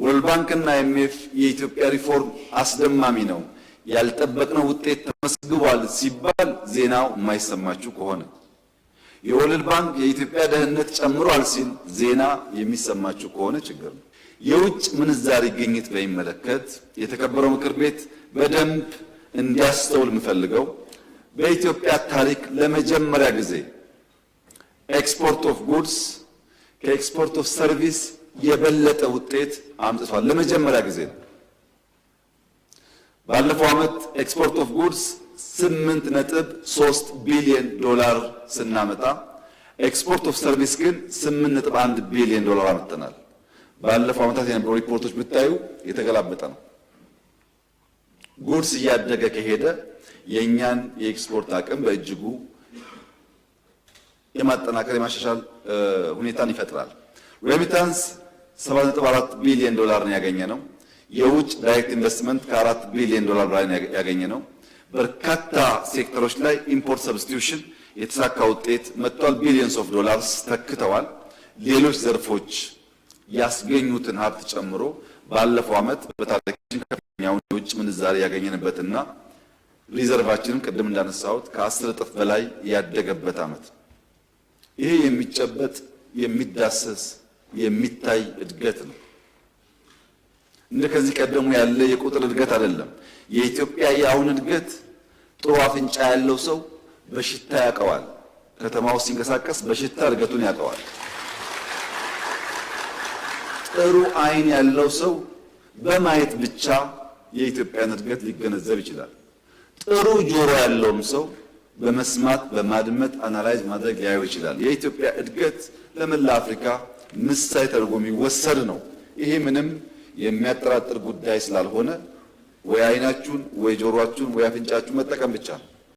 ወርልድ ባንክና አይኤምኤፍ የኢትዮጵያ ሪፎርም አስደማሚ ነው፣ ያልጠበቅነው ውጤት ተመስግቧል ሲባል ዜናው የማይሰማችሁ ከሆነ የወርልድ ባንክ የኢትዮጵያ ደህንነት ጨምሯል ሲል ዜና የሚሰማችሁ ከሆነ ችግር ነው። የውጭ ምንዛሪ ግኝት በሚመለከት የተከበረው ምክር ቤት በደንብ እንዲያስተውል የምፈልገው በኢትዮጵያ ታሪክ ለመጀመሪያ ጊዜ ኤክስፖርት ኦፍ ጉድስ ከኤክስፖርት ኦፍ ሰርቪስ የበለጠ ውጤት አምጥቷል። ለመጀመሪያ ጊዜ ነው። ባለፈው ዓመት ኤክስፖርት ኦፍ ጉድስ ስምንት ነጥብ ሶስት ቢሊዮን ዶላር ስናመጣ ኤክስፖርት ኦፍ ሰርቪስ ግን ስምንት ነጥብ አንድ ቢሊዮን ዶላር አመጥተናል። ባለፈው ዓመታት የነበሩ ሪፖርቶች ብታዩ የተገላበጠ ነው። ጉድስ እያደገ ከሄደ የእኛን የኤክስፖርት አቅም በእጅጉ የማጠናከር የማሻሻል ሁኔታን ይፈጥራል። ሬሚታንስ 74 ቢሊዮን ዶላር ነው ያገኘ ነው። የውጭ ዳይሬክት ኢንቨስትመንት ከ4 ቢሊዮን ዶላር በላይ ያገኘ ነው። በርካታ ሴክተሮች ላይ ኢምፖርት ሰብስቲዩሽን የተሳካ ውጤት መጥቷል። ቢሊዮንስ ኦፍ ዶላርስ ተክተዋል። ሌሎች ዘርፎች ያስገኙትን ሀብት ጨምሮ ባለፈው ዓመት በታሪካችን ከፍተኛውን የውጭ ምንዛሪ ያገኘንበትና ሪዘርቫችንም ቅድም እንዳነሳሁት ከአስር እጥፍ በላይ ያደገበት ዓመት ይሄ የሚጨበጥ የሚዳሰስ የሚታይ እድገት ነው። እንደ ከዚህ ቀደሙ ያለ የቁጥር እድገት አይደለም። የኢትዮጵያ የአሁን እድገት ጥሩ አፍንጫ ያለው ሰው በሽታ ያውቀዋል። ከተማ ውስጥ ሲንቀሳቀስ በሽታ እድገቱን ያውቀዋል። ጥሩ አይን ያለው ሰው በማየት ብቻ የኢትዮጵያን እድገት ሊገነዘብ ይችላል። ጥሩ ጆሮ ያለውም ሰው በመስማት በማድመጥ አናላይዝ ማድረግ ሊያየው ይችላል። የኢትዮጵያ እድገት ለመላ አፍሪካ ምሳሌ ተደርጎ የሚወሰድ ነው። ይሄ ምንም የሚያጠራጥር ጉዳይ ስላልሆነ ወይ አይናችሁን ወይ ጆሮአችሁን ወይ አፍንጫችሁን መጠቀም ብቻ ነው።